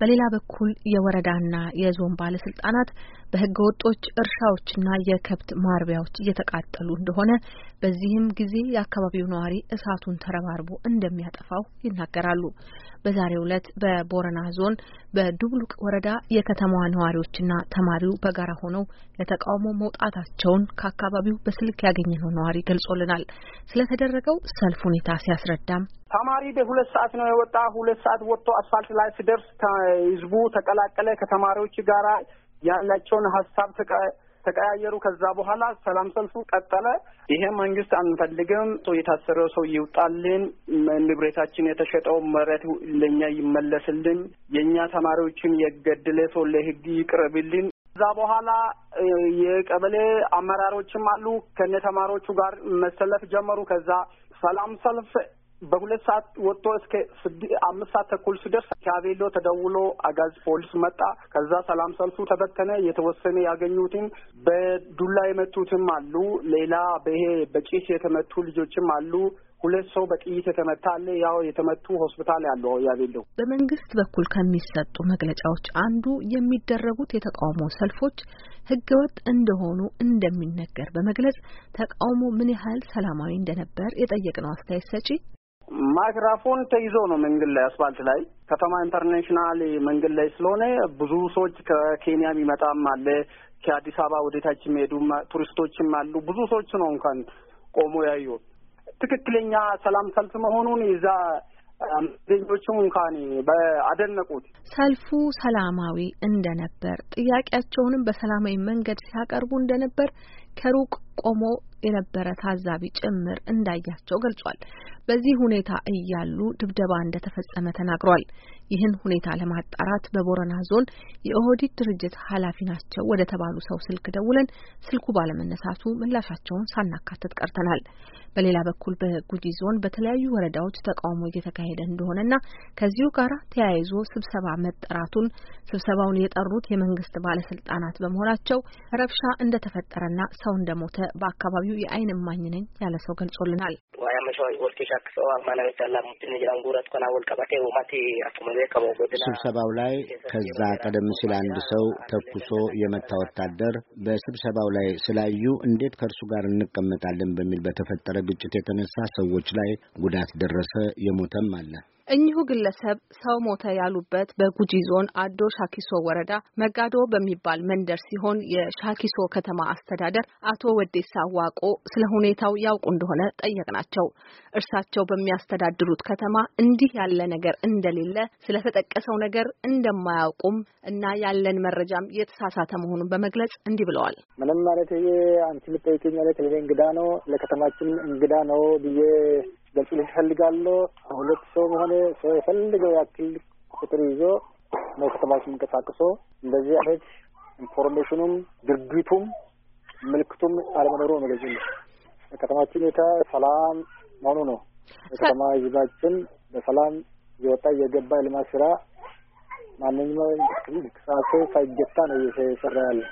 በሌላ በኩል የወረዳና የዞን ባለስልጣናት በህገ ወጦች እርሻዎችና የከብት ማርቢያዎች እየተቃጠሉ እንደሆነ በዚህም ጊዜ የአካባቢው ነዋሪ እሳቱን ተረባርቦ እንደሚያጠፋው ይናገራሉ። በዛሬው ዕለት በቦረና ዞን በዱብሉቅ ወረዳ የከተማዋ ነዋሪዎችና ተማሪው በጋራ ሆነው ለተቃውሞ መውጣታቸውን ከአካባቢው በስልክ ያገኘነው ነዋሪ ገልጾልናል። ስለተደረገው ሰልፍ ሁኔታ ሲያስረዳም ተማሪ በሁለት ሰዓት ነው የወጣ። ሁለት ሰዓት ወጥቶ አስፋልት ላይ ስደርስ ህዝቡ ተቀላቀለ። ከተማሪዎች ጋራ ያላቸውን ሀሳብ ተቀያየሩ። ከዛ በኋላ ሰላም ሰልፉ ቀጠለ። ይሄ መንግስት አንፈልግም፣ ሰው የታሰረው ሰው ይውጣልን፣ ንብረታችን የተሸጠው መሬት ለእኛ ይመለስልን፣ የእኛ ተማሪዎችን የገደለ ሰው ለህግ ይቅረብልን ከዛ በኋላ የቀበሌ አመራሮችም አሉ ከነ ተማሪዎቹ ጋር መሰለፍ ጀመሩ። ከዛ ሰላም ሰልፍ በሁለት ሰዓት ወጥቶ እስከ አምስት ሰዓት ተኩል ሲደርስ ሻቤሎ ተደውሎ አጋዝ ፖሊስ መጣ። ከዛ ሰላም ሰልፉ ተበተነ። የተወሰነ ያገኙትን በዱላ የመቱትም አሉ። ሌላ በይሄ በጭስ የተመቱ ልጆችም አሉ። ሁለት ሰው በጥይት የተመታ አለ። ያው የተመቱ ሆስፒታል ያለው ያቤለው። በመንግስት በኩል ከሚሰጡ መግለጫዎች አንዱ የሚደረጉት የተቃውሞ ሰልፎች ህገወጥ እንደሆኑ እንደሚነገር በመግለጽ ተቃውሞ ምን ያህል ሰላማዊ እንደነበር የጠየቅነው አስተያየት ሰጪ ማይክራፎን ተይዞ ነው መንገድ ላይ አስፋልት ላይ ከተማ ኢንተርናሽናል መንገድ ላይ ስለሆነ ብዙ ሰዎች ከኬንያ የሚመጣም አለ፣ ከአዲስ አበባ ወደታች የሚሄዱ ቱሪስቶችም አሉ። ብዙ ሰዎች ነው እንኳን ቆሞ ያዩ ትክክለኛ ሰላም ሰልፍ መሆኑን ይዛ ዜኞቹም እንኳን አደነቁት። ሰልፉ ሰላማዊ እንደነበር ጥያቄያቸውንም በሰላማዊ መንገድ ሲያቀርቡ እንደነበር ከሩቅ ቆሞ የነበረ ታዛቢ ጭምር እንዳያቸው ገልጿል። በዚህ ሁኔታ እያሉ ድብደባ እንደተፈጸመ ተናግሯል። ይህን ሁኔታ ለማጣራት በቦረና ዞን የኦህዲድ ድርጅት ኃላፊ ናቸው ወደ ተባሉ ሰው ስልክ ደውለን ስልኩ ባለመነሳቱ ምላሻቸውን ሳናካትት ቀርተናል። በሌላ በኩል በጉጂ ዞን በተለያዩ ወረዳዎች ተቃውሞ እየተካሄደ እንደሆነና ከዚሁ ጋር ተያይዞ ስብሰባ መጠራቱን ስብሰባውን የጠሩት የመንግስት ባለስልጣናት በመሆናቸው ረብሻ እንደተፈጠረና ሰው እንደሞተ በአካባቢው የአይን እማኝ ነኝ ያለ ሰው ገልጾልናል። ስብሰባው ላይ ከዛ ቀደም ሲል አንድ ሰው ተኩሶ የመታ ወታደር በስብሰባው ላይ ስላዩ እንዴት ከእርሱ ጋር እንቀመጣለን በሚል በተፈጠረ ግጭት የተነሳ ሰዎች ላይ ጉዳት ደረሰ፣ የሞተም አለ። እኚሁ ግለሰብ ሰው ሞተ ያሉበት በጉጂ ዞን አዶ ሻኪሶ ወረዳ መጋዶ በሚባል መንደር ሲሆን የሻኪሶ ከተማ አስተዳደር አቶ ወዴሳ ዋቆ ስለ ሁኔታው ያውቁ እንደሆነ ጠየቅናቸው። እርሳቸው በሚያስተዳድሩት ከተማ እንዲህ ያለ ነገር እንደሌለ፣ ስለተጠቀሰው ነገር እንደማያውቁም እና ያለን መረጃም የተሳሳተ መሆኑን በመግለጽ እንዲህ ብለዋል። ምንም ማለት አንቺ ልጠይቅኝ ማለት እንግዳ ነው ለከተማችን እንግዳ ነው ብዬ ገልጽ ይፈልጋለሁ። ሁለት ሰው ሆነ ሰው የፈልገው ያክል ቁጥር ይዞ ነው ከተማዎች የሚንቀሳቀሶ እንደዚህ አይነት ኢንፎርሜሽኑም ድርጊቱም ምልክቱም አለመኖሩ መገዙ ነው። ከተማችን ሁኔታ ሰላም መሆኑ ነው። የከተማ ህዝባችን በሰላም የወጣ የገባ የልማት ስራ ማንኛውም እንቅስቃሴ ሳይገታ ነው እየሰራ ያለ።